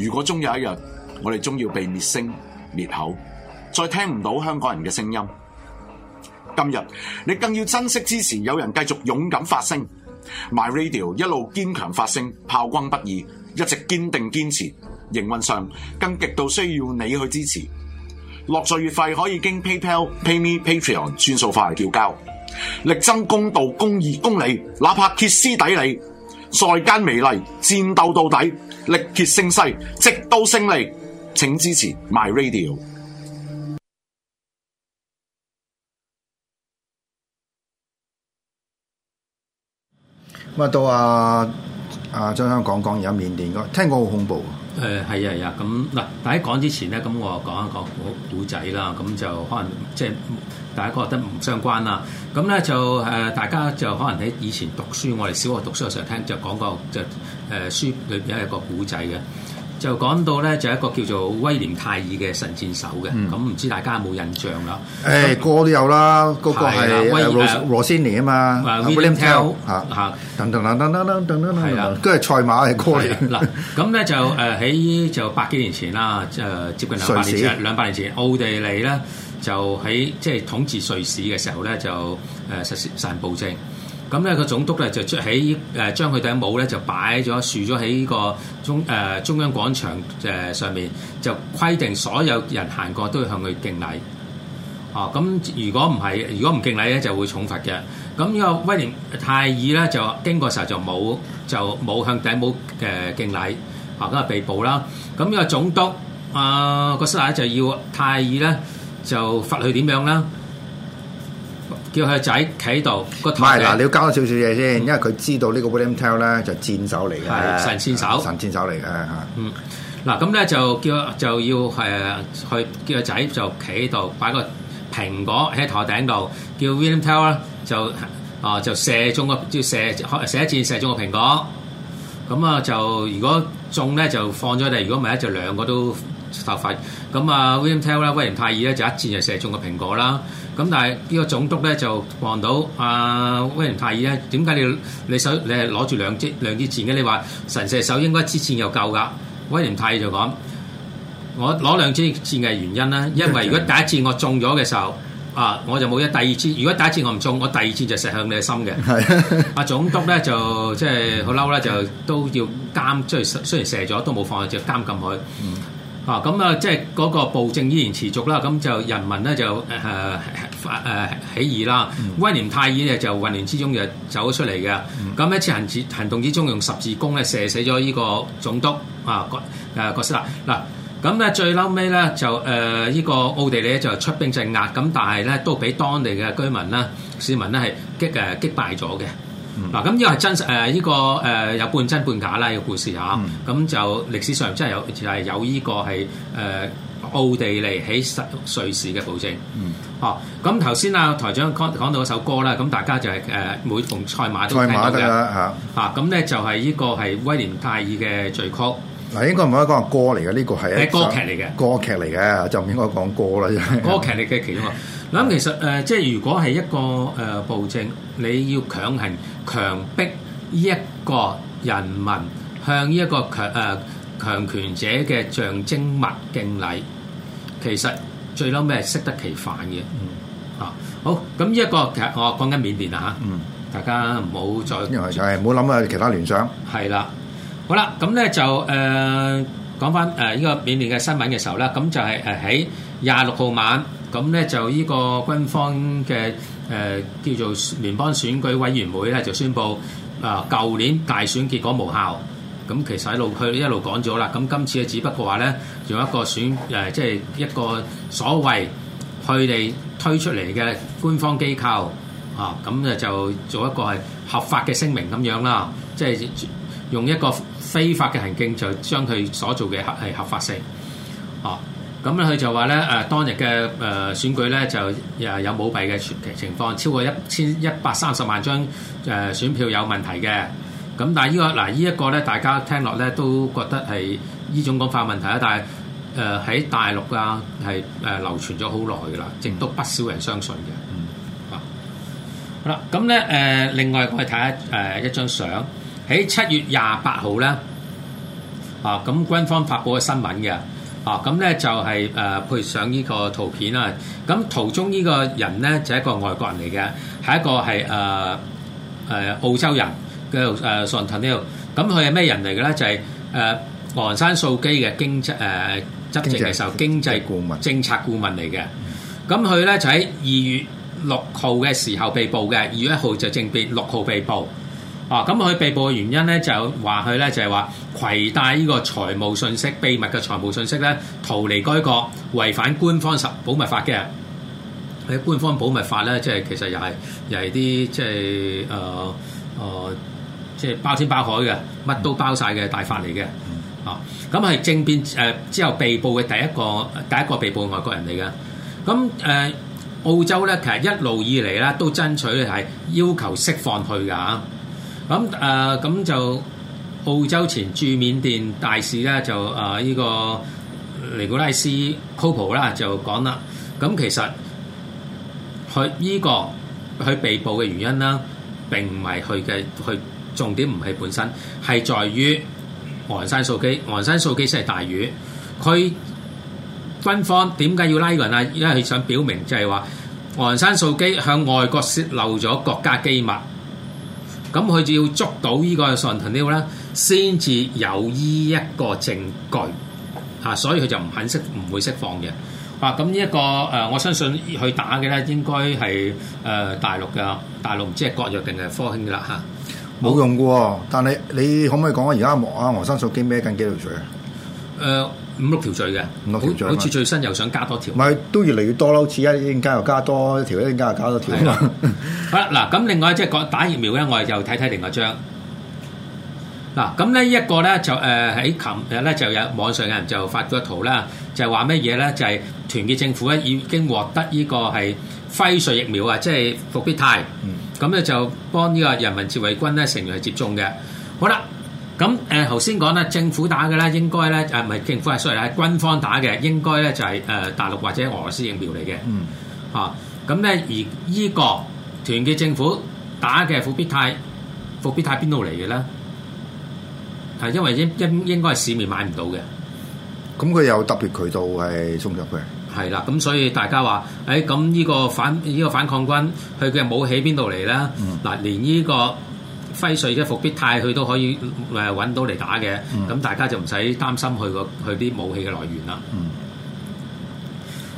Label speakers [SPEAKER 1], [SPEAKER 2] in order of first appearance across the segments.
[SPEAKER 1] 如果終有一日，我哋終要被滅聲滅口，再聽唔到香港人嘅聲音。今日你更要珍惜支持，有人繼續勇敢發聲，My Radio 一路堅強發聲，炮轟不已，一直堅定堅持。營運上更極度需要你去支持。落稅月費可以經 PayPal、PayMe、Patreon 轉數快嚟繳交。力爭公道、公義、公理，哪怕歇斯底里再間美麗戰鬥到底，力竭聲嘶，直到勝利，請支持 My Radio。到啊，到阿阿 Jong 講講而家緬甸聽講好恐怖。
[SPEAKER 2] 誒係啊係啊咁嗱，大家講之前咧，咁我講一個古仔啦。咁就可能即係大家覺得唔相關啦。咁咧就、呃、大家就可能喺以前讀書，我哋小學讀書嘅時候聽就講過，就誒、呃、書裏邊有一個古仔嘅。就講到咧，就一個叫做威廉泰爾嘅神箭手嘅，咁、嗯、唔知道大家有冇印象啦？
[SPEAKER 1] 誒、欸，哥哥那個都有啦，嗰個係羅羅先尼嘛啊嘛，William Tell、啊、等等等。噔噔噔噔噔，係啊，佢係賽馬嘅歌嚟。嗱、啊，
[SPEAKER 2] 咁咧、啊、就誒喺就百幾年前啦，誒接近兩百年前，兩、嗯、百、啊、年前奧地利咧就喺即係統治瑞士嘅時候咧就誒實施殘暴政。咁咧，個總督咧就喺將佢頂帽咧就擺咗豎咗喺呢個中誒中央廣場上面，就規定所有人行過都要向佢敬禮。咁如果唔係，如果唔敬禮咧就會重罰嘅。咁呢個威廉泰爾咧就經過時候就冇就冇向頂帽敬禮，啊咁啊被捕啦。咁呢個總督啊個手奶就要泰爾咧就罰佢點樣啦？叫佢仔企度，個台。唔係，嗱，你要
[SPEAKER 1] 交多少少嘢先，嗯，因為佢知道呢個 William Tell 咧就係箭手嚟嘅。神箭手，神箭手嚟嘅嚇。
[SPEAKER 2] 嗯，嗱，咁咧就叫就要誒去叫個仔就企度，擺個蘋果喺台頂度，叫 William Tell 啦，就啊就射中個，即係射射，射一箭射中個蘋果。咁啊就如果中咧就放咗佢哋，如果唔係咧就兩個都頭髮。咁啊 William Tell 咧，威廉泰爾咧就一箭就射中個蘋果啦。咁但係呢個總督咧就望到阿、啊、威廉泰爾咧，點解你你手你係攞住兩支兩支箭嘅？你話神射手應該一支箭又夠㗎？威廉泰爾就講：我攞兩支箭嘅原因咧，因為如果第一次我中咗嘅時候啊，我就冇一第二支；如果第一次我唔中，我第二箭就射向你嘅心嘅。係啊，總督咧就即係好嬲啦，就都要監，雖然雖然射咗都冇放就監禁佢。啊，咁啊，即係嗰個暴政依然持續啦。咁就人民咧就誒誒、呃呃、起義啦、嗯。威廉太爾咧就混亂之中就走出嚟嘅。咁、嗯、一次行，行動之中用十字弓咧射死咗呢個總督啊，呃、國誒郭斯啦。嗱、啊，咁咧最嬲尾咧就誒依、呃呢個奧地利就出兵鎮壓，咁但係咧都俾當地嘅居民啦市民咧係擊誒擊敗咗嘅。嗱、嗯，咁呢個係真實，誒呢個誒有半真半假啦，呢個故事嚇，咁就歷史上真係有，就係、是、有呢個係誒、呃、奧地利喺瑞士嘅保證，哦、嗯，咁頭先啊，啊台長講講到一首歌啦，咁大家就係誒每逢賽馬都睇到嘅啦嚇，咁咧、啊、就係、是、呢個係威廉泰爾嘅序曲。
[SPEAKER 1] 嗱，應該唔可以講係歌嚟嘅，呢個係歌劇嚟嘅。歌劇嚟嘅就唔應該講歌啦。歌
[SPEAKER 2] 劇嚟嘅其中啊，咁 其實誒，即係如果係一個誒暴政，你要強行強迫呢一個人民向呢一個強誒強權者嘅象徵物敬禮，其實最嬲咩係適得其反嘅。啊、嗯，好，咁呢一個其實我講緊緬甸啊嚇，嗯，大家唔
[SPEAKER 1] 好再唔好諗下其他聯想。係啦。
[SPEAKER 2] 好啦，咁咧就誒講翻誒呢個緬甸嘅新聞嘅時候咧，咁就係誒喺廿六號晚，咁咧就呢個軍方嘅誒叫做聯邦選舉委員會咧就宣布，啊舊年大選結果無效，咁其實一路佢一路講咗啦，咁今次只不過話咧，用一個選誒，即係一個所謂佢哋推出嚟嘅官方機構啊，咁咧就做一個係合法嘅聲明咁樣啦，即係用一個，非法嘅行徑就將佢所做嘅合係合法性，哦，咁咧佢就話咧誒當日嘅誒、呃、選舉咧就誒有，有舞弊嘅情情況，超過一千一百三十萬張誒、呃、選票有問題嘅，咁但係、這、呢個嗱呢一個咧，大家聽落咧都覺得係呢種講法問題啊，但係誒喺大陸啊係誒、呃、流傳咗好耐噶啦，仍都不少人相信嘅。嗯，啊，好啦，咁咧誒另外我哋睇下誒一張相。喺七月廿八號咧，啊咁官方發佈嘅新聞嘅，啊咁咧就係誒配上呢個圖片啦。咁圖中呢個人咧就係一個外國人嚟嘅，係一個係誒誒澳洲人叫做誒上層呢度。咁佢係咩人嚟嘅咧？就係誒昂山素基嘅經濟誒執政嘅受經濟顧問、政策顧問嚟嘅。咁佢咧就喺二月六號嘅時候被捕嘅，二月一號就正被六號被捕。啊！咁佢被捕嘅原因咧，就話佢咧就係、是、話攜帶呢個財務信息、秘密嘅財務信息咧，逃離該國，違反官方十保密法嘅。喺官方保密法咧，即係其實又係又係啲即係誒、呃呃、即係包天包海嘅，乜都包晒嘅大法嚟嘅、嗯。啊！咁係政變誒、呃、之後被捕嘅第一個第一個被捕外國人嚟嘅。咁誒、呃、澳洲咧，其實一路以嚟咧都爭取係要求釋放佢㗎、啊。咁誒、咁就澳洲前駐緬甸大使咧就誒依、呃、這個尼古拉斯庫普啦就講啦，咁其實佢依、這個佢被捕嘅原因啦，並唔係佢嘅，佢重點唔係本身係在於昂山素基，昂山素基先係大魚。佢軍方點解要拉佢拉人咧？因為佢想表明就係話昂山素基向外國洩漏咗國家機密。咁佢就要捉到呢個信號咧，先至有依一個證據嚇，所以佢就唔肯釋，唔會釋放嘅。啊，咁呢一個誒、呃，我相信佢打嘅咧，應該係誒大陸嘅，大陸唔知係國藥定係科興啦嚇。
[SPEAKER 1] 冇、啊、用嘅、啊，但係你，你可唔可以講下而家莫啊，生手機孭緊幾條水啊？誒、呃。
[SPEAKER 2] 五六條罪嘅，五六條罪好似最新又想加多條，唔
[SPEAKER 1] 係都越嚟越多啦。好似一陣間又加多一條，一陣間又加多條 好
[SPEAKER 2] 啦，嗱咁另外即係講打疫苗咧，我哋又睇睇另外張。嗱咁呢一個咧就誒喺琴日咧就有網上嘅人就發咗圖啦，就話乜嘢咧？就係、是、團結政府咧已經獲得呢個係輝瑞疫苗啊，即係復必泰。嗯，咁咧就幫呢個人民自衛軍咧成員係接種嘅。好啦。咁誒頭先講咧，政府打嘅咧應該咧誒唔係政府係所謂喺軍方打嘅，應該咧就係誒大陸或者俄羅斯疫苗嚟嘅。嗯，嚇咁咧而依個團結政府打嘅復必泰，復必泰邊度嚟嘅咧？係因為應應應該係市面買唔到嘅。
[SPEAKER 1] 咁佢有特別渠道係送入去，
[SPEAKER 2] 係啦，咁所以大家話誒，咁、哎、呢個反依、這個反抗軍佢嘅武器邊度嚟咧？嗱、嗯，連呢、這個。輝瑞嘅復必泰，佢都可以誒揾到嚟打嘅，咁、嗯、大家就唔使擔心佢個佢啲武器嘅來源啦。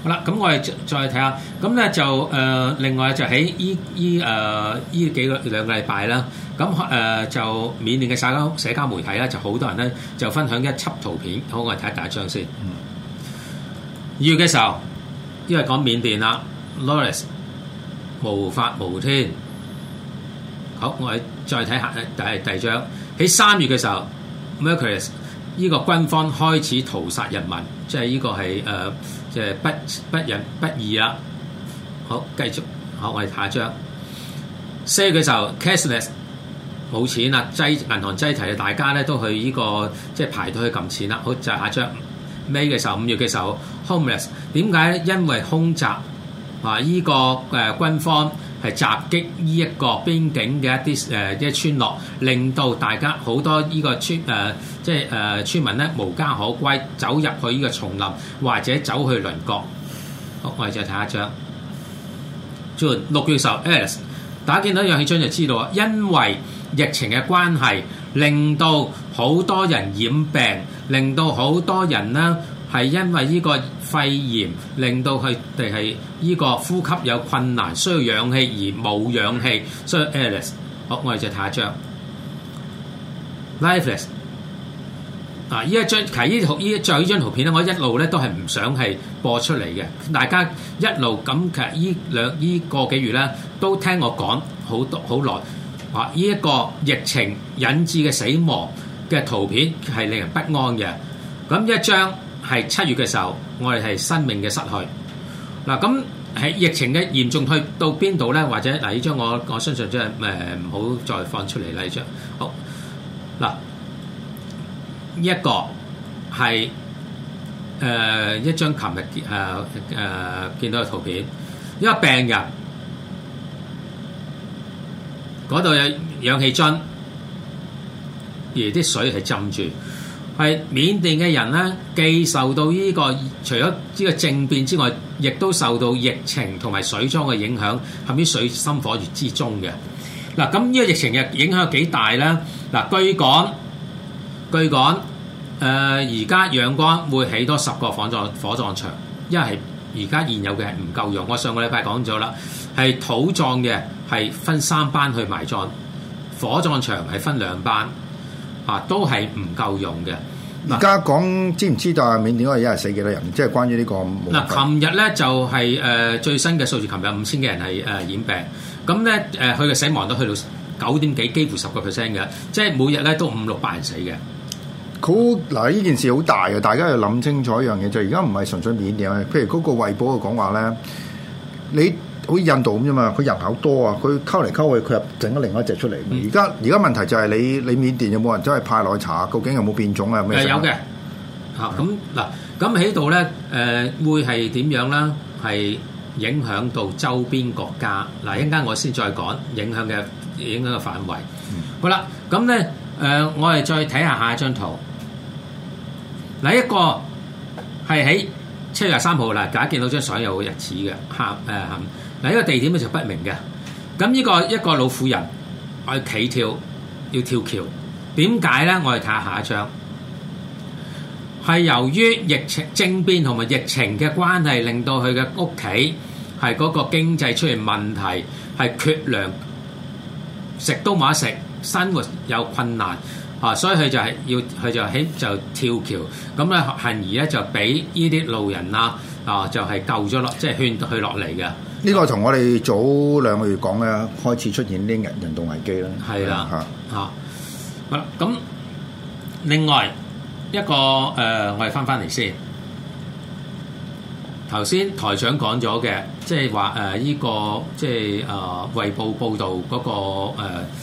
[SPEAKER 2] 好啦，咁我哋再睇下，咁咧就誒另外就喺呢呢誒呢幾個兩個禮拜啦，咁誒、呃、就緬甸嘅社交社交媒體啦，就好多人咧就分享一輯圖片，好，我哋睇第一張先。二月嘅時候，因為講緬甸啦，Lawrence 無法無天。好，我哋再睇下第第二張。喺三月嘅時候 Merciless 呢個軍方開始屠殺人民，即係呢個係誒，即、呃、係、就是、不不仁不義啦。好，繼續好，我哋下張。四月嘅時候，Cashless 冇錢啦，擠銀行擠提啊，大家咧都去呢、這個即係、就是、排隊去撳錢啦。好，就是、下張。May 嘅時候，五月嘅時候，Homeless 點解咧？因為空襲啊，依、這個誒軍方。係襲擊呢一個邊境嘅一啲誒一啲村落，令到大家好多呢個村誒、呃、即係誒村民咧無家可歸，走入去呢個叢林或者走去鄰國。好，我哋再睇下一張。June 六月十，Alice，大家見到楊慶春就知道啊，因為疫情嘅關係，令到好多人染病，令到好多人呢係因為呢個。肺炎令到佢哋係呢個呼吸有困難，需要氧氣而冇氧氣，so，airless。所以 airless，好，我哋就睇下張 lifeless 啊。呢一張，其實呢呢一張呢張圖片咧，我一路咧都係唔想係播出嚟嘅。大家一路咁其實呢兩呢個幾月咧都聽我講好多好耐啊。呢一個疫情引致嘅死亡嘅圖片係令人不安嘅。咁一張係七月嘅時候。我哋係生命嘅失去嗱，咁喺疫情嘅嚴重去到邊度咧？或者嗱，呢張我我身上張誒唔好再放出嚟啦，呢張好嗱、呢個呃，一個係誒一張琴日誒誒見到嘅圖片，一個病人嗰度有氧氣樽，而啲水係浸住。係緬甸嘅人咧，既受到呢、這個除咗呢個政變之外，亦都受到疫情同埋水災嘅影響，陷於水深火熱之中嘅。嗱，咁呢個疫情嘅影響有幾大咧？嗱，據講，據講，誒、呃，而家仰光會起多十個火葬火葬場，因為係而家現有嘅係唔夠用。我上個禮拜講咗啦，係土葬嘅係分三班去埋葬，火葬場係分兩班，啊，都係唔夠用嘅。
[SPEAKER 1] 而家講知唔知道啊？緬甸一日死幾多人？即係關於呢、這個。嗱，
[SPEAKER 2] 琴日咧就係、是、誒、呃、最新嘅數字，琴日五千幾人係誒、呃、染病，咁咧誒佢嘅死亡率都去到九點幾，幾乎十個 percent 嘅，即係每日咧都五六百人死嘅。
[SPEAKER 1] 好、嗯、嗱，呢件事好大嘅，大家要諗清楚一樣嘢，就係而家唔係純粹緬甸譬如嗰個衛報嘅講話咧，你。好似印度咁啫嘛，佢人口多啊，佢溝嚟溝去，佢又整咗另外一隻出嚟。而家而家問題就係你你緬甸有冇人走去派落去查，究竟有冇變種、嗯、的啊？誒有嘅，
[SPEAKER 2] 嚇咁嗱，咁喺度咧誒會係點樣咧？係影響到周邊國家嗱，一陣、啊、間我先再講影響嘅影響嘅範圍。嗯、好啦，咁咧誒，我哋再睇下下一張圖。嗱，一個係喺七月廿三號嗱，大家見到張相有個日子嘅嚇誒。啊嗯。嗱，呢個地點咧就不明嘅。咁呢、這個一個老婦人，我要企跳，要跳橋。點解咧？我哋睇下下一張。係由於疫情政變同埋疫情嘅關係，令到佢嘅屋企係嗰個經濟出現問題，係缺糧，食都冇得食，生活有困難啊！所以佢就係要，佢就喺就跳橋。咁咧，幸而咧就俾呢啲路人啦啊，就係、是、救咗落，即係勸佢落嚟嘅。
[SPEAKER 1] 呢個同我哋早兩個月講嘅開始出現啲人人道危機啦。係啦，嚇、嗯、嚇。
[SPEAKER 2] 好、啊、啦，咁、啊啊、另外一個誒、呃，我哋翻翻嚟先回來。頭先台長講咗嘅，即係話誒呢個即係誒衛報報導嗰、那個誒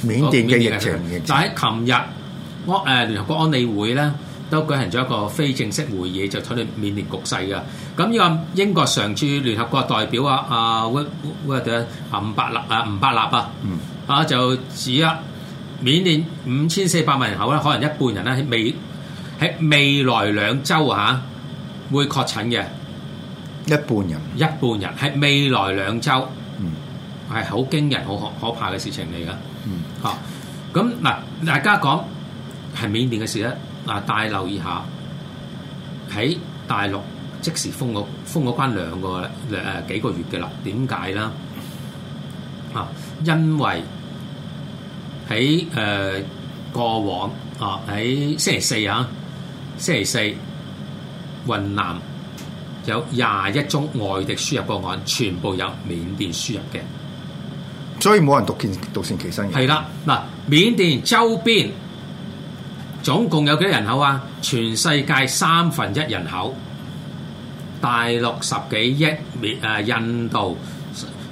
[SPEAKER 2] 緬、呃、甸嘅疫情，就喺琴日，安誒聯合國安理會咧。都舉行咗一個非正式會議，就討論緬甸局勢嘅。咁呢個英國常駐聯合國代表啊，啊 Woodward 啊伍伯納啊，伍伯納啊，啊就指啊緬甸五千四百萬人口咧，可能一半人咧喺未喺未來兩週嚇會確診嘅一半人，一半人喺未來兩週，係好驚人，好可可怕嘅事情嚟嘅。嚇咁嗱，大家講係緬甸嘅事咧。啊！大留意一下，喺大陸即時封咗封咗關兩個誒幾個月嘅啦。點解咧？啊，因為喺誒、呃、過往啊，喺星期四啊，星期四雲南有廿一宗外地輸入個案，全部由緬甸輸入嘅，
[SPEAKER 1] 所以冇人獨見獨善其身。係啦，嗱，緬
[SPEAKER 2] 甸周邊。總共有幾多人口啊？全世界三分一人口，大陸十幾億，誒印度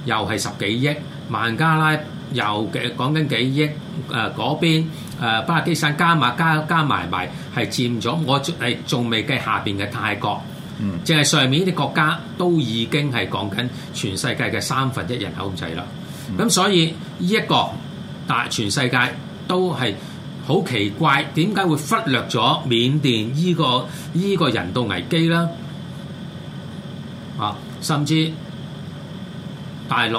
[SPEAKER 2] 又係十幾億，孟加拉又幾講緊幾億，誒嗰邊誒巴基斯坦加埋加加埋埋係佔咗，我誒仲未計下邊嘅泰國，嗯，淨係上面啲國家都已經係講緊全世界嘅三分一人口咁滯啦。咁所以呢一個大全世界都係。好奇怪，點解會忽略咗緬甸依個依個人道危機啦？啊，甚至大陸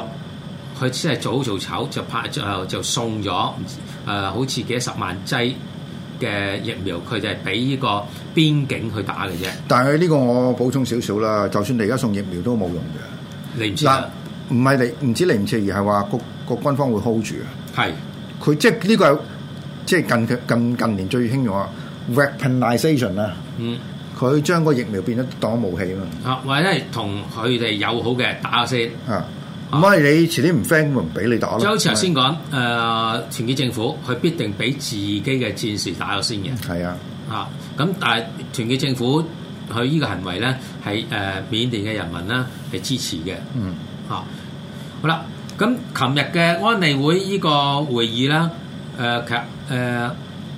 [SPEAKER 2] 佢真係做好做醜，就拍最後就送咗誒、呃，好似幾十萬劑嘅疫苗，佢就係俾依個邊境去打嘅啫。
[SPEAKER 1] 但係呢個我補充少少啦，就算你而家送疫苗都冇用嘅。你唔知唔係你唔知你唔知，而係話個個軍方會 hold 住啊。係，佢即係呢個。即係近近近年最興用啊 weaponisation 啊，嗯，佢將個疫苗變咗當武器啊嘛，
[SPEAKER 2] 啊，或者係同佢哋友好嘅打下
[SPEAKER 1] 先，啊，唔、啊、係你遲啲唔 friend 咁唔俾你打咯，即好似頭先
[SPEAKER 2] 講，誒，團、呃、結政府佢必定俾自己嘅戰士打咗先嘅，係啊，啊，咁但係團結政府佢呢個行為咧係誒緬甸嘅人民咧係支持嘅，嗯，嚇、啊，好啦，咁琴日嘅安理會呢個會議啦，誒、呃，誒、呃、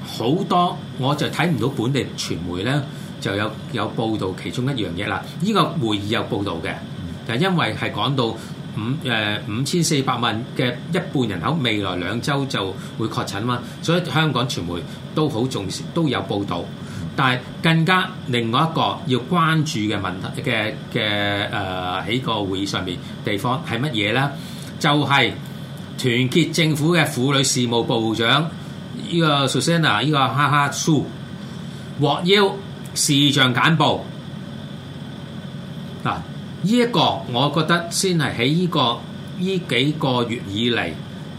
[SPEAKER 2] 好多我就睇唔到本地傳媒咧，就有有報道其中一樣嘢啦。呢、這個會議有報道嘅，就因為係講到五五千四百萬嘅一半人口未來兩週就會確診嘛，所以香港傳媒都好重視，都有報道。但係更加另外一個要關注嘅問題嘅嘅誒喺個會議上面地方係乜嘢呢？就係、是、團結政府嘅婦女事務部長。呢個 Susanna 呢個哈哈蘇獲邀視像簡報嗱，呢一個我覺得先係喺呢個呢幾個月以嚟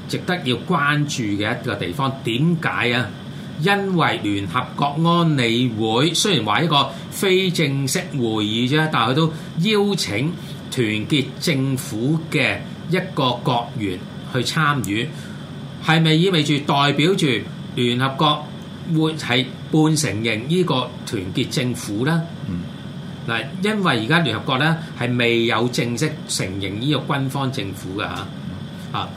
[SPEAKER 2] 值得要關注嘅一個地方。點解啊？因為聯合國安理會雖然話一個非正式會議啫，但係佢都邀請團結政府嘅一個國員去參與。係咪意味住代表住聯合國會係半承認呢個團結政府咧？嗱、嗯，因為而家聯合國咧係未有正式承認呢個軍方政府嘅嚇啊，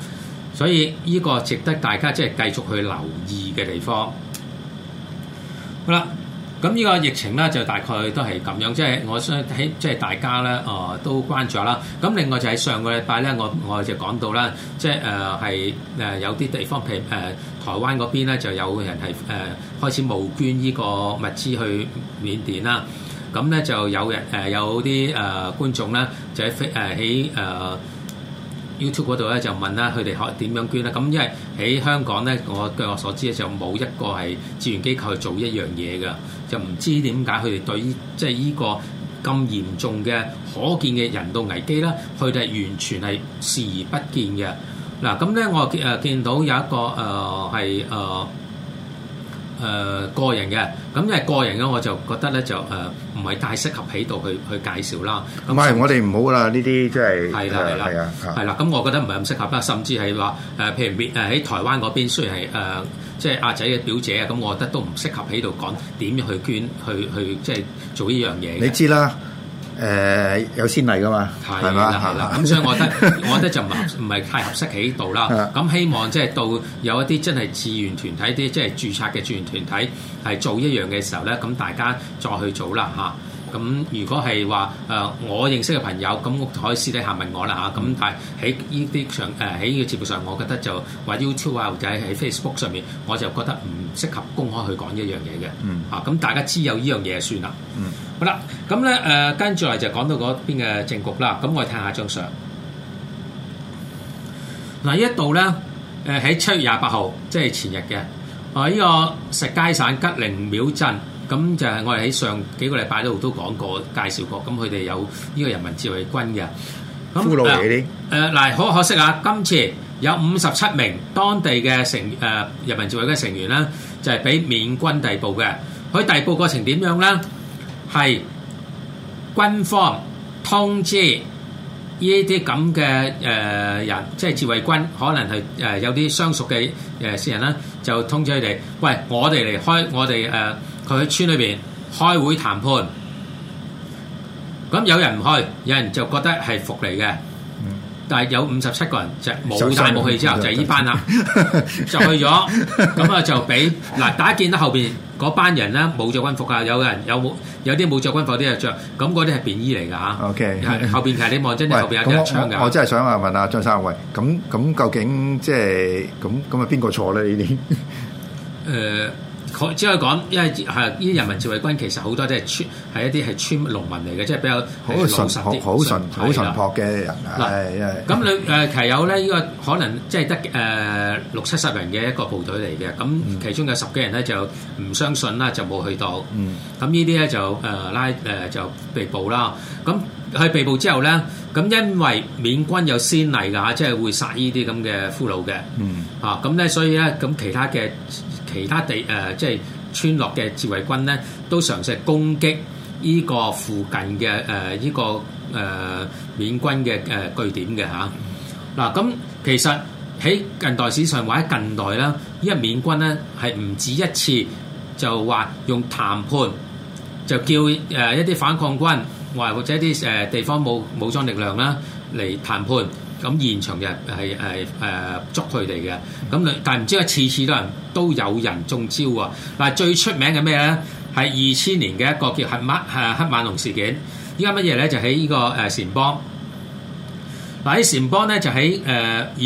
[SPEAKER 2] 所以呢個值得大家即係繼續去留意嘅地方。好啦。咁呢個疫情咧就大概都係咁樣，即係我想喺即係大家咧都關注啦。咁另外就喺上個禮拜咧，我我就講到啦，即係係有啲地方，譬如台灣嗰邊咧，就有人係開始募捐呢個物資去緬甸啦。咁咧就有人有啲、呃、觀眾咧就喺喺、呃 YouTube 嗰度咧就問啦，佢哋可點樣捐咧？咁因為喺香港咧，我據我所知咧就冇一個係志願機構去做一樣嘢嘅，就唔知點解佢哋對於即係呢個咁嚴重嘅可見嘅人道危機咧，佢哋完全係視而不見嘅。嗱，咁咧我呃見到有一個呃係、呃誒、呃、個人嘅，咁因為個人嘅，我就覺得咧就誒唔係太適合喺度去去介紹啦。咁我哋
[SPEAKER 1] 唔好啦，呢啲即係係啦係啦，啦、啊。
[SPEAKER 2] 咁我覺得唔係咁適合啦，甚至係話誒，譬如誒喺台灣嗰邊，雖然係即係阿仔嘅表姐啊，咁我覺得都唔適合喺度講點樣去捐去去即係、即係、做呢樣嘢。你
[SPEAKER 1] 知啦。誒、呃、有先例噶嘛，係啦，係啦，咁 所以我覺得
[SPEAKER 2] 我覺得就唔唔係太合適喺度啦。咁 希望即係到有一啲真係志願團體啲即係註冊嘅志願團體係做一樣嘅時候咧，咁大家再去做啦咁、啊、如果係話、呃、我認識嘅朋友，咁我可以私底下問我啦，咁但係喺呢啲上喺呢個節目上，我覺得就話 YouTube 啊或者喺 Facebook 上面，我就覺得唔適合公開去講一樣嘢嘅，咁大家知有呢樣嘢算啦。嗯好啦，咁咧誒，跟住嚟就講到嗰邊嘅政局啦。咁我哋睇下張相嗱，呢一度咧誒喺七月廿八號，即係前日嘅。喺依個實皆省吉靈廟鎮，咁就係我哋喺上幾個禮拜都都講過介紹過。咁佢哋有依個人民自衛軍嘅俘虜嚟嘅。誒嗱，好可惜啊！今次有五十七名當地嘅成誒人民自衛軍成員啦，就係俾緬軍逮捕嘅。佢逮捕過程點樣咧？係軍方通知呢啲咁嘅誒人，即係自衛軍，可能係誒、呃、有啲相熟嘅誒人啦，就通知佢哋，喂，我哋嚟開，我哋誒佢喺村裏邊開會談判。咁有人唔去，有人就覺得係服嚟嘅，嗯。但係有五十七個人就冇，是，帶武，武器之後就呢班啦，就，是， 就去咗。咁啊就俾嗱，大家見到後邊。嗰班人咧冇着軍服啊，有人有冇有啲冇着軍服，啲又着。咁嗰啲係便衣嚟㗎吓。OK，後邊其實你望真， 後邊有一槍㗎。我
[SPEAKER 1] 真係想問問啊張生喂，咁咁究竟即係咁咁啊邊個錯咧呢啲？ 呃
[SPEAKER 2] 只可以講，因為係依人民自衛軍其實好多都係村，係一啲係村農民嚟嘅，即
[SPEAKER 1] 係比較老實啲，好純好純樸嘅人。嗱，
[SPEAKER 2] 咁你誒騎友咧，依個可能即係得誒六七十人嘅一個部隊嚟嘅，咁其中有十幾人咧就唔相信啦，就冇去到。嗯，咁呢啲咧就誒、呃、拉誒、呃、就被捕啦。咁佢被捕之後咧，咁因為緬軍有先例㗎嚇，即係會殺呢啲咁嘅俘虜嘅。
[SPEAKER 3] 嗯，
[SPEAKER 2] 啊咁咧，所以咧咁其他嘅。其他地誒，即係村落嘅自衛軍咧，都嘗試攻擊呢個附近嘅誒依個誒、呃、緬軍嘅誒、呃、據點嘅嚇。嗱、啊、咁其實喺近代史上或者近代啦，呢、這、一、個、緬軍咧係唔止一次就話用談判就叫誒一啲反抗軍或或者一啲誒地方武武裝力量啦嚟談判。咁現場嘅人係係捉佢哋嘅，咁、呃、但係唔知啊，次次都有人都有人中招啊！嗱，最出名嘅咩咧？係二千年嘅一個叫黑馬誒黑馬龍事件。依家乜嘢咧？就喺呢、呢個誒撣、呃、邦嗱，喺撣邦咧就喺誒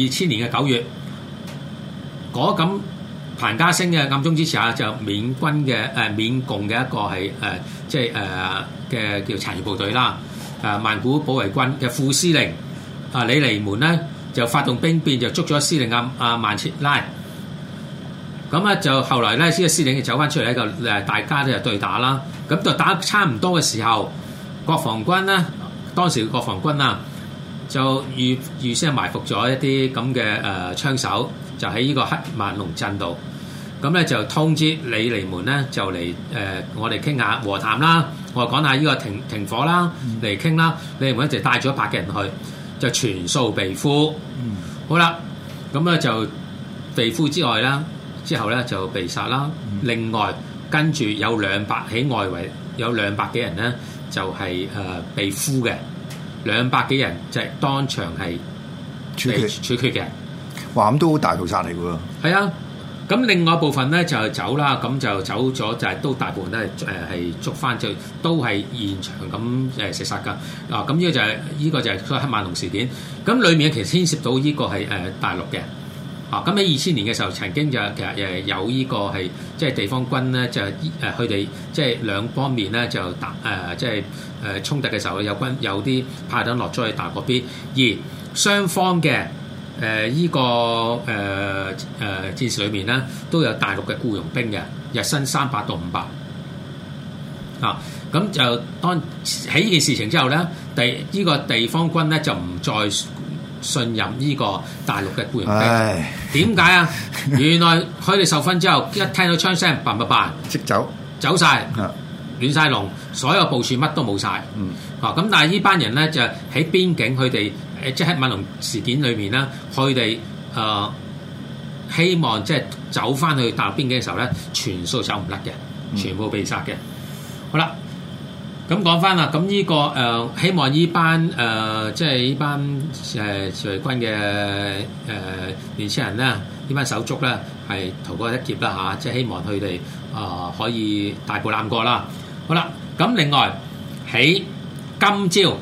[SPEAKER 2] 二千年嘅九月，嗰咁彭家聲嘅暗中支持下就緬軍嘅誒緬共嘅一個係誒、呃、即係誒嘅叫殘餘部隊啦，誒、呃、曼古保衛軍嘅副司令。啊！李尼門咧就發動兵變，就捉咗司令阿阿曼切拉。咁咧就後來咧，呢個司令就走翻出嚟咧，就誒大家都係對打啦。咁就打差唔多嘅時候，國防軍咧當時嘅國防軍啊，就預預先埋伏咗一啲咁嘅誒槍手，就喺呢個黑曼龍鎮度。咁咧就通知李尼門咧，就嚟誒我哋傾下和談啦。我講下呢個停停火啦，嚟傾啦。李尼門一直帶咗一百嘅人去，就全數被俘、嗯，好啦，咁咧就被俘之外啦，之後咧就被殺啦、嗯。另外跟住有兩百喺外圍，有兩百幾人咧就係誒被俘嘅，兩百幾人就係當場係處,處決處決嘅。
[SPEAKER 1] 哇！咁都好大屠殺嚟喎。
[SPEAKER 2] 係啊。咁另外一部分咧、就是、就走啦，咁就走咗，就係、是、都大部分呢、呃、都係誒係捉翻就都係現場咁誒射殺㗎。嗱、啊，咁呢個就係、是、依、這個就係所謂黑曼龍事件。咁裡面其實牽涉到呢個係誒、呃、大陸嘅。啊，咁喺二千年嘅時候曾經就其實誒有呢個係即係地方軍咧就誒佢哋即係兩方面咧就打誒即係誒衝突嘅時候有軍有啲派單落咗去大陸嗰邊，而雙方嘅。誒、呃、依、這個誒誒、呃呃、戰事裏面咧，都有大陸嘅僱傭兵嘅，日薪三百到五百啊。咁就當喺呢件事情之後咧，地依、這個地方軍咧就唔再信任呢個大陸嘅僱傭兵。點解啊？ 原來佢哋受訓之後，一聽到槍聲，嘭嘭嘭，即走走晒，亂晒龍，所有部署乜都冇晒。嗯。啊，咁但係呢班人咧就喺邊境佢哋。誒即喺萬龍事件裏面啦，佢哋誒希望即係走翻去達邊境嘅時候咧，全數手唔甩嘅，全部被殺嘅、嗯。好啦，咁講翻啦，咁呢、呢個誒、呃、希望呢班誒、呃、即係呢班誒徐、呃、衛軍嘅誒、呃、年輕人咧，呢班手足咧係逃過一劫啦吓、啊，即係希望佢哋誒可以大步攬過啦。好啦，咁另外喺今朝。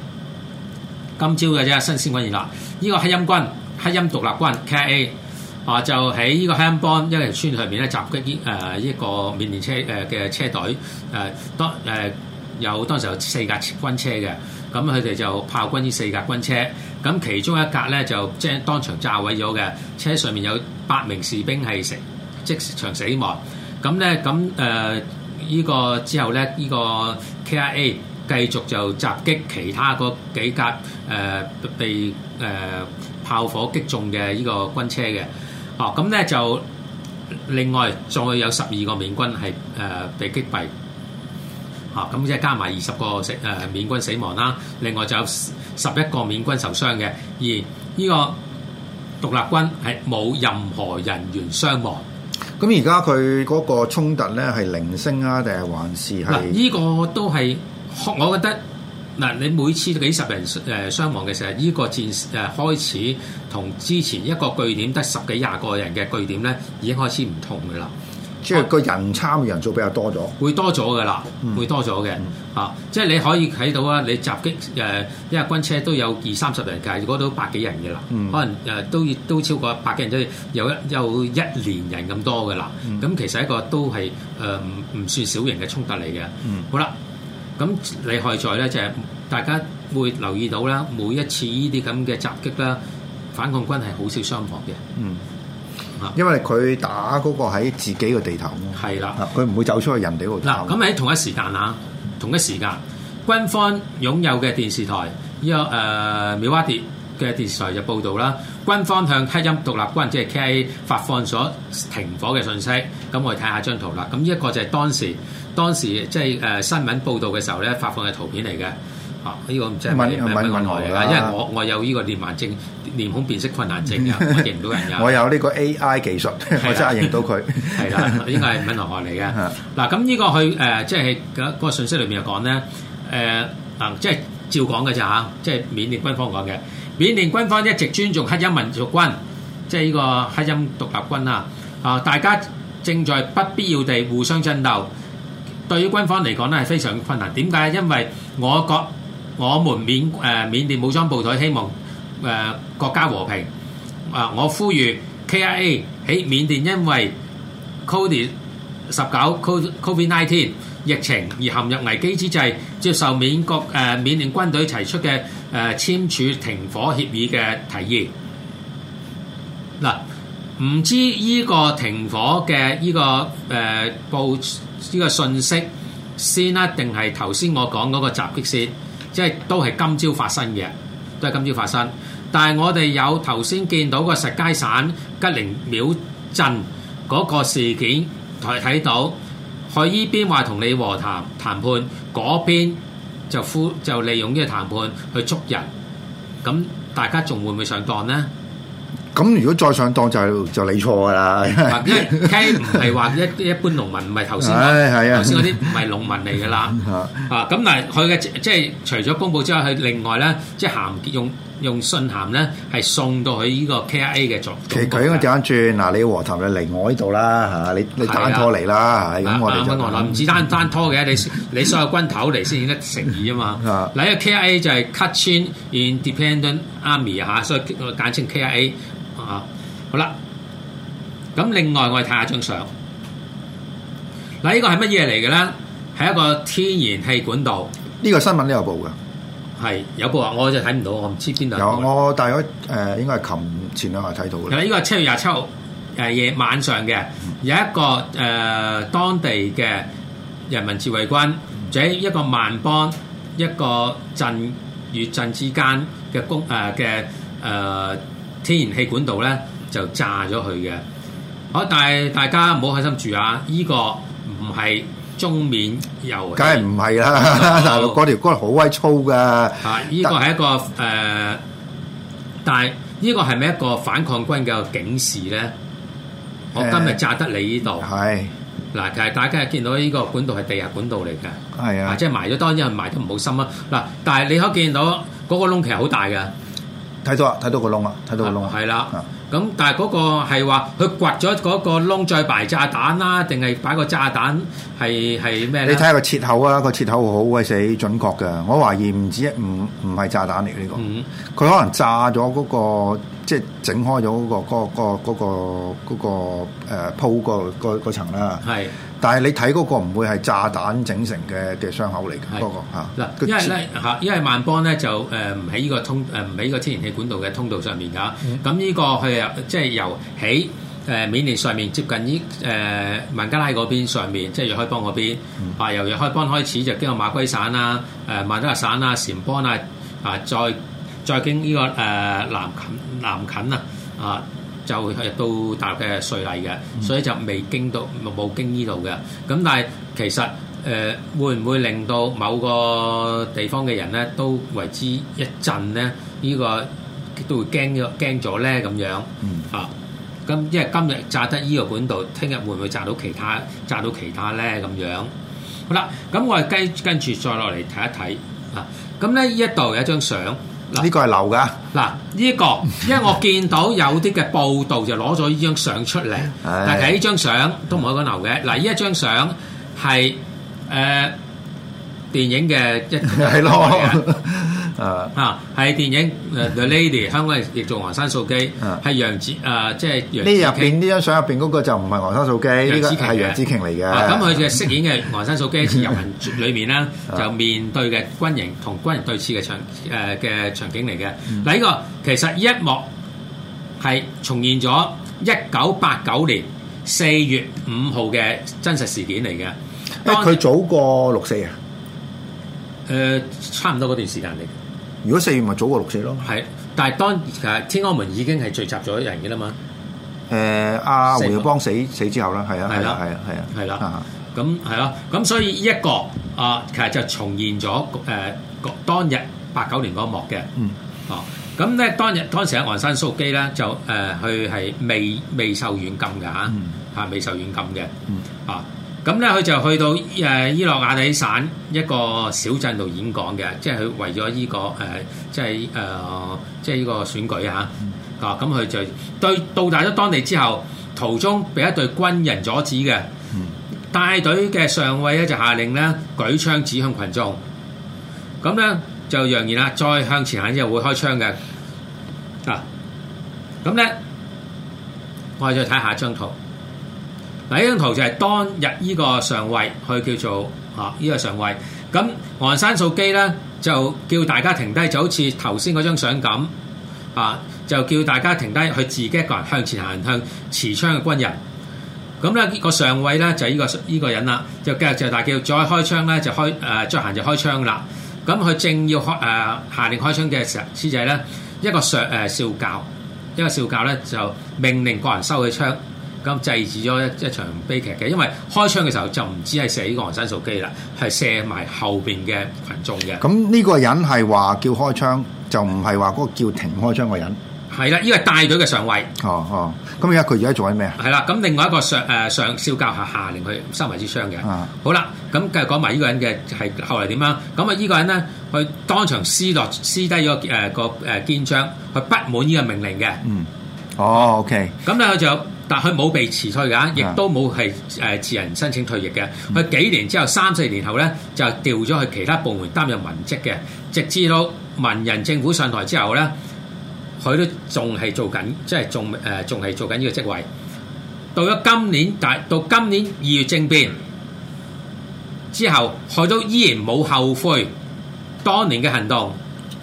[SPEAKER 2] 今朝嘅啫，新鮮軍事啦！呢、這個克欽軍、克欽獨立軍 KIA 啊，就喺呢個克欽邦一條村上邊咧襲擊呢一個緬甸車誒嘅、呃、車隊、呃、當、呃、有當時有四架軍車嘅，咁佢哋就炮轟呢四架軍車，咁其中一架咧就即係當場炸毀咗嘅，車上面有八名士兵係成即場死亡。咁咧咁誒呢個之後咧呢、這個 KIA。繼續就襲擊其他嗰幾架誒、呃、被誒、呃、炮火擊中嘅呢個軍車嘅，哦咁咧就另外再有十二個緬軍係誒、呃、被擊斃，啊咁即係加埋二十個死誒緬軍死亡啦，另外就有十一個緬軍受傷嘅，而呢個獨立軍係冇任何人員傷亡，
[SPEAKER 1] 咁而家佢嗰個衝突咧係零星啊，定係還是係？嗱，
[SPEAKER 2] 呢個都係。我覺得嗱，你每次幾十人誒、呃、傷亡嘅時候，呢、呢個戰誒、呃、開始同之前一個據點得十幾廿個人嘅據點咧，已經開始唔同噶啦。
[SPEAKER 1] 即係個人參與人數比較多咗、啊，
[SPEAKER 2] 會多咗噶啦，嗯、會多咗嘅啊！即係你可以睇到啊，你襲擊誒，因、呃、為軍車都有二三十人噶，如果都百幾人嘅啦，嗯、可能誒、呃、都都超過百幾人，都有一有一連人咁多噶啦。咁、嗯嗯、其實一個都係誒唔唔算小型嘅衝突嚟嘅。嗯好，好啦。咁厲害在咧就係、是、大家會留意到啦，每一次呢啲咁嘅襲擊啦，反共軍係好少傷亡嘅。嗯，
[SPEAKER 1] 啊，因為佢打嗰個喺自己個地頭。係啦，佢唔會走出去人哋嗰度打。嗱，
[SPEAKER 2] 咁喺同一時間啊，同一時間，軍方擁有嘅電視台，呢、這個誒苗瓦迪嘅電視台就報導啦，軍方向黑音獨立軍即係 KIA 發放咗停火嘅訊息。咁我哋睇下張圖啦。咁呢一個就係當時。當時即係誒、呃、新聞報導嘅時候咧，發放
[SPEAKER 1] 嘅圖片嚟嘅，啊呢、這個唔知係咩咩外嚟嘅，因為我
[SPEAKER 2] 我有呢個臉盲症、臉、嗯、孔辨識困難症嘅，嗯、我認唔到人嘅。我有
[SPEAKER 1] 呢個 AI 技術，的我真係認到佢。係、啊、啦，
[SPEAKER 2] 應該係問外來嚟嘅。嗱咁呢個佢誒即係嗰個信息裏面又講咧誒啊，即係照講嘅咋。嚇、呃，即係、呃、緬甸軍方講嘅。緬甸軍方一直尊重克欽民族軍，即係呢個克欽獨立軍啊！啊，大家正在不必要地互相爭鬥。對於軍方嚟講咧係非常困難，點解？因為我國我們緬誒緬甸武裝部隊希望誒國家和平。啊，我呼籲 KIA 喺緬甸因為 Covid 十九 Covid nineteen 疫情而陷入危機之際，接受緬國誒緬甸軍隊提出嘅誒簽署停火協議嘅提議。嗱，唔知依個停火嘅依個誒報？呢、這個信息先啦，定係頭先我講嗰個襲擊先，即係都係今朝發生嘅，都係今朝發生。但係我哋有頭先見到個石階省吉林廟鎮嗰個事件，台睇到佢依邊話同你和談談判，嗰邊就呼就利用呢個談判去捉人，咁大家仲會唔會上當呢？
[SPEAKER 1] 咁如果再上當就係就你錯噶啦，因為 K 唔係
[SPEAKER 2] 話一一般農民，唔係頭先嗰，頭先嗰啲唔係農民嚟噶啦。啊咁但係，佢嘅即係除咗公佈之外，佢另外咧即係函用用信函咧係送到佢呢個 KIA 嘅作。其實
[SPEAKER 1] 佢應該掉翻轉，嗱你和談就嚟我呢度啦，你你單拖嚟啦，咁我哋唔止
[SPEAKER 2] 單單拖嘅，你你所有軍頭嚟先得成意啊嘛。嗱，一 KIA 就係 Kachin Independent Army 所以我簡稱 KIA。好啦，咁另外我哋睇下張相。嗱，呢個係乜嘢嚟嘅咧？係一個天然氣管道。呢、
[SPEAKER 1] 這個新聞都有報㗎，
[SPEAKER 2] 係有報啊！我就睇唔到，我唔知邊度。有
[SPEAKER 1] 我大概誒、呃、應該係琴前兩日睇到
[SPEAKER 2] 嘅。嗱，呢個係七月廿七號誒夜晚上嘅，有一個誒、呃、當地嘅人民自衛軍，就喺一個萬邦一個鎮與鎮之間嘅公誒嘅誒天然氣管道咧。就炸咗佢嘅，好，但係大家唔好開心住啊！依、這個唔係中緬油，梗
[SPEAKER 1] 係唔係啦，嗰條杆好威粗噶。啊，依、
[SPEAKER 2] 這個係一個誒、呃，但係呢、這個係咪一個反抗軍嘅警示咧？
[SPEAKER 1] 我今日炸
[SPEAKER 2] 得你呢度係嗱，係、嗯、大家係見到呢個管道係地下管道嚟嘅，係啊，啊，即係埋咗，當然埋得唔好深啊。嗱，但係你可見到嗰、那個窿其實好大嘅，睇到，了
[SPEAKER 1] 看到，了看到了啊，睇到個窿啊，睇到個窿，
[SPEAKER 2] 係啦。咁但係嗰個係話佢掘咗嗰個窿再擺炸彈啦，定係擺個炸彈係係咩咧？你睇下個
[SPEAKER 1] 切口啊，個切口好鬼死準確嘅。我懷疑唔止唔唔係炸彈嚟呢個，佢可能炸咗嗰、嗰個即係整開咗嗰、嗰個嗰、嗰個嗰、嗰個嗰、嗰個、呃、鋪個個層啦。係。但係你睇嗰個唔會係炸彈整成嘅嘅傷口嚟嘅嗰個嗱，
[SPEAKER 2] 因為咧因為萬邦咧就誒唔喺呢個通誒唔喺個天然氣管道嘅通道上面㗎，咁、嗯、呢個佢即係由喺誒、呃、緬甸上面接近依孟、呃、加拉嗰邊上面，即、就、係、是、若開邦嗰邊啊、嗯，由若開邦開始就經過馬圭省啦、誒、呃、曼德勒省啦、撣邦啦啊、呃，再再經呢、這個、呃、南、南近南近啊啊！呃就入到大陸嘅瑞麗嘅，所以就未經到冇經呢度嘅。咁但係其實誒、呃，會唔會令到某個地方嘅人咧都為之一震咧？呢、呢個都會驚咗驚咗咧咁樣嚇。咁即係今日炸得依個管道，聽日會唔會炸到其他炸到其他咧咁樣？好啦，咁我哋跟跟住再落嚟睇一睇啊。咁咧依一度有一張相。
[SPEAKER 1] 嗱，呢個係流㗎。嗱，
[SPEAKER 2] 呢個，因為我見到有啲嘅報道就攞咗呢張相出嚟，但係呢張相都唔可以講流嘅。嗱，呢一張相係誒電影嘅一係咯。啊！喺電影《The Lady》，香港係亦做王《昂山素基》。係楊紫啊，即係楊紫瓊。呢入邊
[SPEAKER 1] 呢張相入邊嗰個就唔係昂山素基，係、這個、楊紫瓊嚟嘅。咁
[SPEAKER 2] 佢嘅飾演嘅昂山素基次遊行裏面啦、嗯啊，就面對嘅軍營同軍人對峙嘅場誒嘅場景嚟嘅。嗱、嗯、呢、這個其實一幕係重現咗一九八九年四月五號嘅真實事件嚟嘅。
[SPEAKER 1] 得佢早過六四啊？誒、
[SPEAKER 2] 呃，差唔多嗰段時間嚟。
[SPEAKER 1] 如果四月咪早過六四咯，係，但係當
[SPEAKER 2] 其實天安門已經係聚集咗人嘅啦嘛。
[SPEAKER 1] 誒阿胡耀邦死死之後啦，係啊係啊係啊係啊，係啦。
[SPEAKER 2] 咁係咯，咁所以呢一個啊，其實就重現咗誒、呃、當日八九年嗰一幕嘅。Mm.
[SPEAKER 3] 嗯，
[SPEAKER 2] 咁咧當日當時喺昂山素姬咧就誒，佢、呃、係未未受軟禁嘅吓，吓未受軟禁嘅，啊。咁咧，佢就去到伊洛瓦底省一個小鎮度演講嘅，即係佢為咗呢、這個即係即係呢個選舉吓、嗯、啊，咁佢就對到達咗當地之後，途中被一隊軍人阻止嘅，帶、嗯、隊嘅上尉咧就下令咧舉槍指向群眾。咁咧就揚言啦，再向前行之後會開槍嘅。咁、啊、咧我哋再睇下張圖。第一張圖就係當日呢個上尉，佢叫做嚇依、啊這個上尉。咁昂山素機咧就叫大家停低，就好似頭先嗰張相咁啊，就叫大家停低，佢自己一個人向前行向持槍嘅軍人。咁咧、這個上尉咧就呢、是這個呢、這個人啦，就繼續就大叫再開槍咧就開誒、啊、再行就開槍啦。咁佢正要開誒下令開槍嘅時候，師仔咧一個上誒、啊、少校，一個少校咧就命令各人收起槍。制止咗一一場悲劇嘅，因為開槍嘅時候就唔止係射呢個昂山素姬啦，係射埋後邊嘅群眾嘅。咁
[SPEAKER 1] 呢個人係話叫開槍，就唔係話嗰個叫停開槍嘅人。
[SPEAKER 2] 係啦，依個帶隊嘅上尉。
[SPEAKER 1] 哦哦，咁而家佢而家做緊咩啊？係
[SPEAKER 2] 啦，咁另外一個上誒上校叫下下令佢收埋支槍嘅。啊。好啦，咁繼續講埋呢個人嘅係後嚟點樣呢？咁啊，依個人咧，佢當場撕落撕低咗個誒個肩章，佢不滿呢個命令嘅。
[SPEAKER 1] 嗯，哦，OK，
[SPEAKER 2] 咁咧佢就。但佢冇被辭退嘅，亦都冇係誒自行申請退役嘅。佢幾年之後，三四年後咧，就調咗去其他部門擔任文職嘅。直至到文人政府上台之後咧，佢都仲係做緊，即係仲誒仲係做緊呢個職位。到咗今年，但到今年二月政變之後，佢都依然冇後悔當年嘅行動，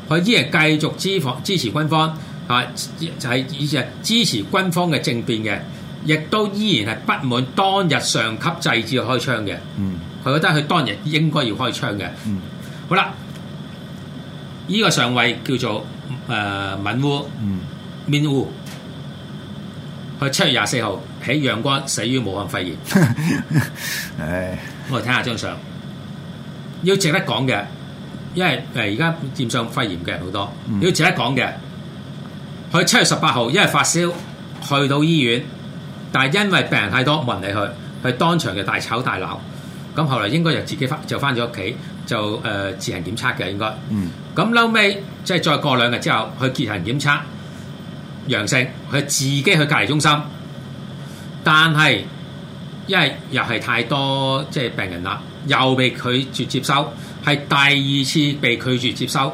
[SPEAKER 2] 佢依然繼續支持、啊、支持軍方啊，就係以前係支持軍方嘅政變嘅。亦都依然係不滿當日上級制止開槍嘅，佢、嗯、覺得佢當日應該要開槍嘅、嗯。好啦，呢、呢個上位叫做敏文烏，文烏，佢、嗯、七月廿四號喺仰光死於武漢肺炎。誒， 我哋睇下張相，要值得講嘅，因為誒而家染上肺炎嘅好多、嗯，要值得講嘅。佢七月十八號因為發燒去到醫院。但係因為病人太多，冇人嚟去，佢當場就大吵大鬧。咁後嚟應該就自己返就返咗屋企，就誒、呃、自行檢測嘅應該。咁、嗯、後尾即係再過兩日之後，佢自行檢測陽性，佢自己去隔離中心。但係因為又係太多即係、就是、病人啦，又被拒絕接收，係第二次被拒絕接收。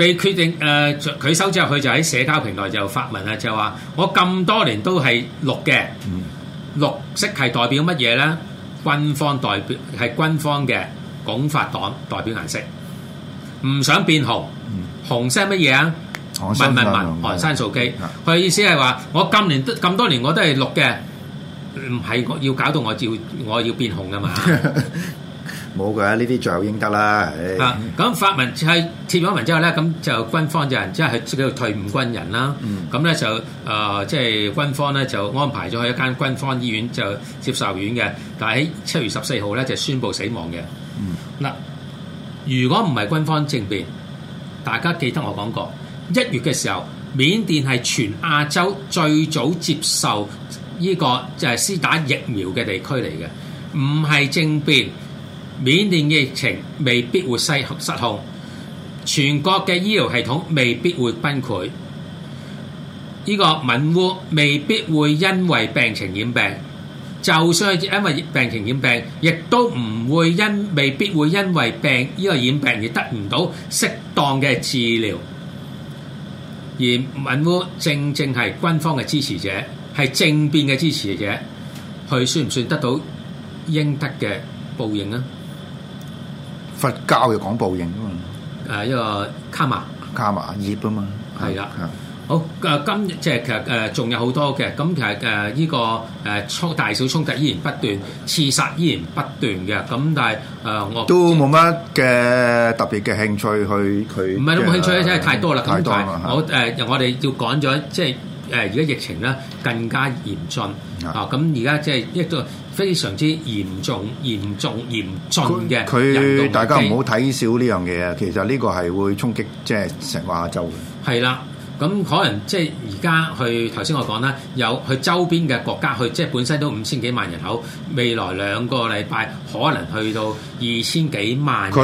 [SPEAKER 2] 被決定誒，佢、呃、收之入，佢就喺社交平台就發文啦，就話我咁多年都係綠嘅，嗯、綠色係代表乜嘢咧？軍方代表係軍方嘅鞏發黨代表顏色，唔想變紅。嗯、紅色係乜嘢啊？寒山素雞。佢意思係話我今年都咁多年我都係綠嘅，唔係要搞到我要我要變紅啊嘛。
[SPEAKER 1] 冇嘅，呢啲罪有應得啦。啊，
[SPEAKER 2] 咁發文喺貼咗文之後咧，咁就軍方人就人即係佢叫做退伍軍人啦。咁、嗯、咧就誒，即、呃、係、就是、軍方咧就安排咗去一間軍方醫院就接受院嘅，但喺七月十四號咧就宣布死亡嘅。嗱、嗯，如果唔係軍方政變，大家記得我講過，一月嘅時候，緬甸係全亞洲最早接受呢、呢個就係、是、施打疫苗嘅地區嚟嘅，唔係政變。緬甸疫情未必會失控，失控全國嘅醫療系統未必會崩潰。呢個民呼未必會因為病情染病，就算因為病情染病，亦都唔會因未必會因為病呢個染病而得唔到適當嘅治療。而民呼正正係軍方嘅支持者，係政變嘅支持者，佢算唔算得到應得嘅報應啊？
[SPEAKER 1] 佛教嘅講報應啊嘛？
[SPEAKER 2] 誒一個卡瑪
[SPEAKER 1] 卡瑪業啊嘛。係啦。
[SPEAKER 2] 好，誒今日即係其實誒仲有好多嘅，咁其實誒呢個誒衝大小衝突依然不斷，刺殺依然不斷嘅。咁但係誒我都
[SPEAKER 1] 冇乜嘅特別嘅興趣去佢，唔係都冇興趣，嗯、真係太多啦。太多啊！
[SPEAKER 2] 多我誒我哋要講咗，即係誒而家疫情咧更加嚴峻啊！咁而家即係一都。非常之嚴重、嚴重、嚴峻嘅，佢大家唔好
[SPEAKER 1] 睇少呢樣嘢啊！其實呢個係會衝擊即係成個亞洲嘅。
[SPEAKER 2] 係啦，咁可能即係而家去頭先我講啦，有去周邊嘅國家去，即係本身都五千幾萬人口，未來兩個禮拜可能去到二千幾萬。佢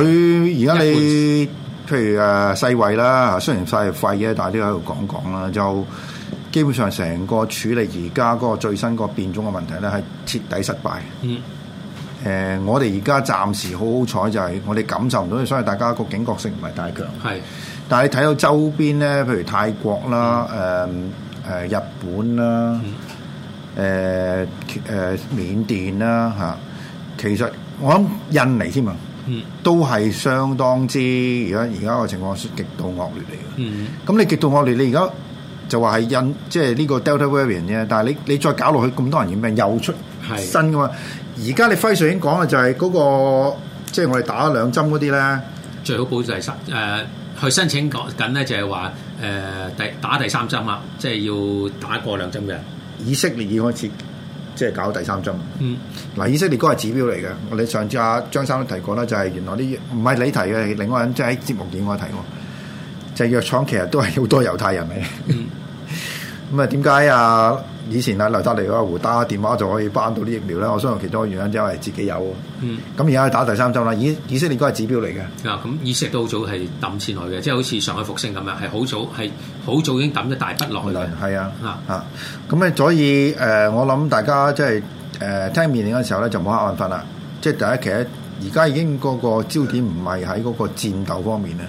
[SPEAKER 1] 而家你譬如誒世衞啦，雖然世衞廢嘅，但係都喺度講講啦，就。基本上成個處理而家嗰個最新個變種嘅問題咧，係徹底失敗。嗯、呃。誒，我哋而家暫時好好彩就係我哋感受唔到，所以大家個警覺性唔係太強。係。但係睇到周邊咧，譬如泰國啦、誒、嗯、誒、呃、日本啦、誒、嗯、誒、呃呃、緬甸啦嚇，其實我諗印尼添啊，嗯、都係相當之而家而家個情況是極度惡劣嚟嘅。嗯。咁你極度惡劣，你而家？就話係印即係呢個 Delta variant 啫，但係你你再搞落去咁多人染病，又出新㗎嘛？而家你輝瑞已經講嘅就係嗰個，即係我哋打咗兩針嗰啲咧，
[SPEAKER 2] 最好保就係申誒去申請緊咧，就係話誒第打第三針啊，即係要打過兩針嘅。
[SPEAKER 1] 以色列已開始即係搞第三針。嗯，嗱，以色列嗰個係指標嚟嘅。我哋上次阿張生都提過啦，就係原來啲唔係你提嘅，另外人即係喺節目見我提喎就是、藥廠其實都係好多猶太人嚟，嗯 啊，咁啊點解啊以前啊劉德利啊胡打電話就可以幫到啲疫苗咧？我相信其中個原因因為自己有。咁而家打第三針啦，以以色列都係指標嚟嘅。
[SPEAKER 2] 咁，啊嗯，以色列好早係抌錢去嘅，即係好似上海復星咁樣，係好早係好早已經
[SPEAKER 1] 抌咗大筆落去啦。係，嗯，啊，啊咁啊，所以誒，呃，我諗大家即係誒聽面聊嘅時候咧，就冇黑暗分啦。即係第一，其實而家已經嗰個焦點唔係喺嗰個戰鬥方面咧。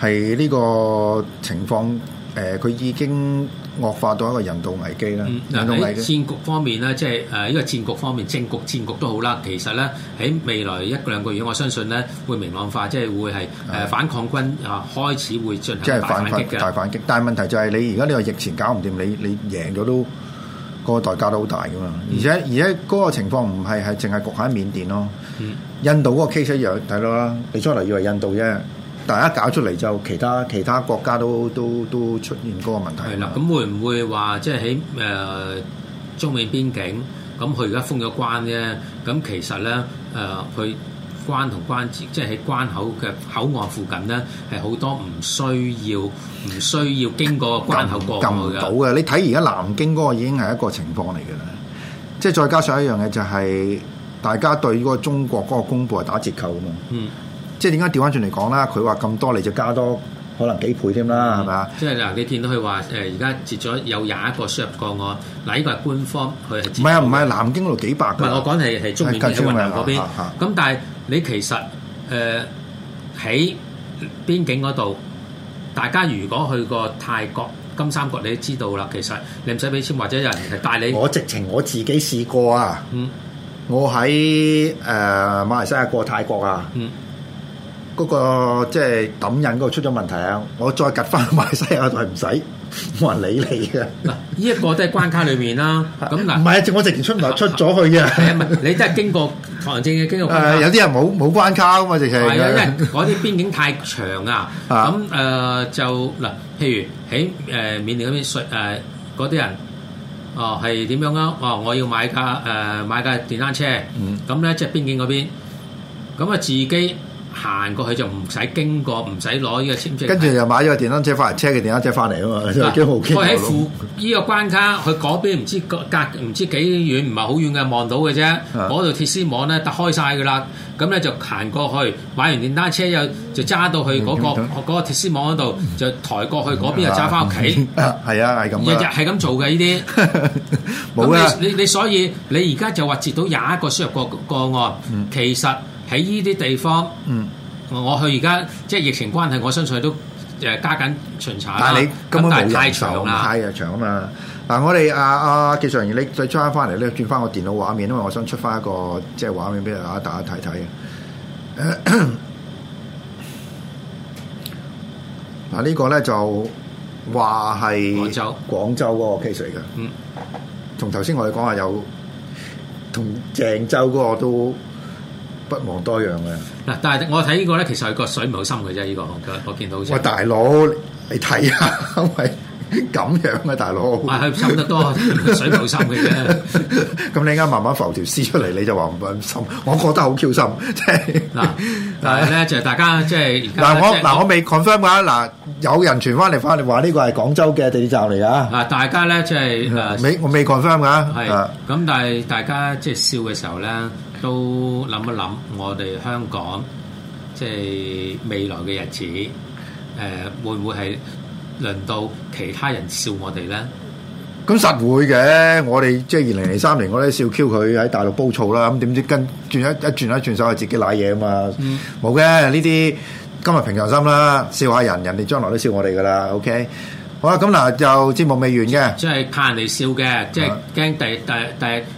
[SPEAKER 1] 係呢個情況，誒、呃、佢已經惡化到一個人道危機啦。嗯，嗱喺戰
[SPEAKER 2] 局方面咧，即係誒，因、呃、為戰局方面，政局戰局都好啦。其實咧，喺未來一個兩個月，我相信咧會明朗化，即係會係誒、呃、反抗軍啊開始會進行即係反，反，反擊大
[SPEAKER 1] 反擊。但係問題就係你而家呢個疫情搞唔掂，你你贏咗都、個代價都好大噶嘛、嗯。而且而且嗰個情況唔係係淨係局限喺緬甸咯，嗯、印度嗰個 case 一樣睇到啦。你將來以為印度啫。大家搞出嚟就其他其他國家都都都出現嗰個問題。係
[SPEAKER 2] 啦，咁會唔會話即係喺誒中美邊境咁佢而家封咗關啫？咁其實咧誒，佢、呃、關同關節即係喺關口嘅口岸附近咧，係好多唔需要唔需要經過關口過
[SPEAKER 1] 到嘅。你睇而家南京嗰個已經係一個情況嚟㗎啦。即係再加上一樣嘢就係、是、大家對嗰個中國嗰個公佈係打折扣㗎嘛。嗯。即係點解調翻轉嚟講啦？佢話咁多，你就加多可能幾倍添啦，係咪啊？
[SPEAKER 2] 即係嗱，你見到佢話誒，而家接咗有廿一個輸入過我，嗱呢個係官方，佢
[SPEAKER 1] 係唔係啊？唔係南京路度幾百個。我講係係中緬嘅。
[SPEAKER 2] 咁但係你其實誒喺、呃、邊境嗰度，大家如果去過泰國金三角，你都知道啦。其實你唔使俾錢，或者有人係帶你。我
[SPEAKER 1] 直情我自己試過啊。嗯。我喺誒、呃、馬來西亞過泰國啊。嗯。嗰、那個即係抌人嗰個出咗問題啊！我再夾翻埋西亞就係唔使，冇人理你嘅。嗱，呢一個都係關卡裏面啦。咁 嗱，唔係啊！我直情出唔、啊、出咗去嘅、啊。你都係經過韓政嘅經過有啲人冇冇關卡啊、呃、嘛？直情係啊，因
[SPEAKER 2] 為嗰啲邊境太長啊。咁 誒、呃、就嗱、呃，譬如喺誒、呃、緬甸嗰邊嗰啲、呃、人，哦係點樣啊？哦，我要買架誒、呃、買架電單車。咁、嗯、咧即係邊境嗰邊，咁啊自己。行過去就唔使經過，唔使攞呢個簽證。跟住
[SPEAKER 1] 就買咗個電單車，翻嚟車嘅電單車翻嚟啊嘛，係幾好奇？佢喺附
[SPEAKER 2] 呢個關卡，佢嗰邊唔知隔唔知幾遠，唔係好遠嘅，望到嘅啫。嗰、啊、度、嗰個、鐵絲網咧，打開晒嘅啦。咁咧就行過去買完電單車，又就揸到去、那、嗰個嗰、嗯嗯嗰個鐵絲網嗰度，就抬過去嗰、嗯、邊就，又揸翻屋企。
[SPEAKER 1] 係啊，係咁、啊。日日
[SPEAKER 2] 係咁做嘅呢啲。
[SPEAKER 1] 冇、嗯 啊、
[SPEAKER 2] 你你所以你而家就話接到廿一個輸入個個案、嗯，其實。喺依啲地方，
[SPEAKER 1] 嗯，
[SPEAKER 2] 我去而家即係疫情關係，我相信都誒加緊巡查，但係你根本係太長
[SPEAKER 1] 啦，太長啊嘛。嗱、嗯，我哋阿阿技術人員，你再出翻翻嚟咧，轉翻個電腦畫面，因為我想出翻一個即係畫面俾阿大家睇睇嘅。嗱，呢、 啊呢個咧就話係廣州嗰個 case 嚟嘅。嗯，從頭先我哋講下有同鄭州嗰個都。不忘多樣嘅。
[SPEAKER 2] 嗱，但係我睇呢個咧，其實個水唔係好深嘅啫，呢個我我見到。喂，大
[SPEAKER 1] 佬，你睇下，喂咁樣嘅大佬。唔係，係深得多，水唔深嘅啫。咁你啱啱慢慢浮條絲出嚟，你就話唔深，我覺得好 Q 深，即係。嗱，
[SPEAKER 2] 但係咧，就係大家即係。嗱，我嗱我
[SPEAKER 1] 未 confirm 㗎。嗱，有人傳翻嚟翻嚟話呢個係廣州嘅地鐵站嚟㗎。嗱，
[SPEAKER 2] 大家咧即係。未我未 confirm 㗎。係。咁但係大家即係笑嘅時候咧。都諗一諗，我哋香港即係未來嘅日子，誒會唔會係輪到其他人笑我哋咧？
[SPEAKER 1] 咁實會嘅，我哋即係二零零三年，我哋笑 Q 佢喺大陸煲醋啦。咁點知跟轉一一轉一轉手，係自己賴嘢啊嘛？冇嘅，呢啲今日平常心啦，笑下人，人哋將來都笑我哋噶啦。OK，好啦，咁嗱就節目未完嘅，
[SPEAKER 2] 即係怕人哋笑嘅，即係驚第第第。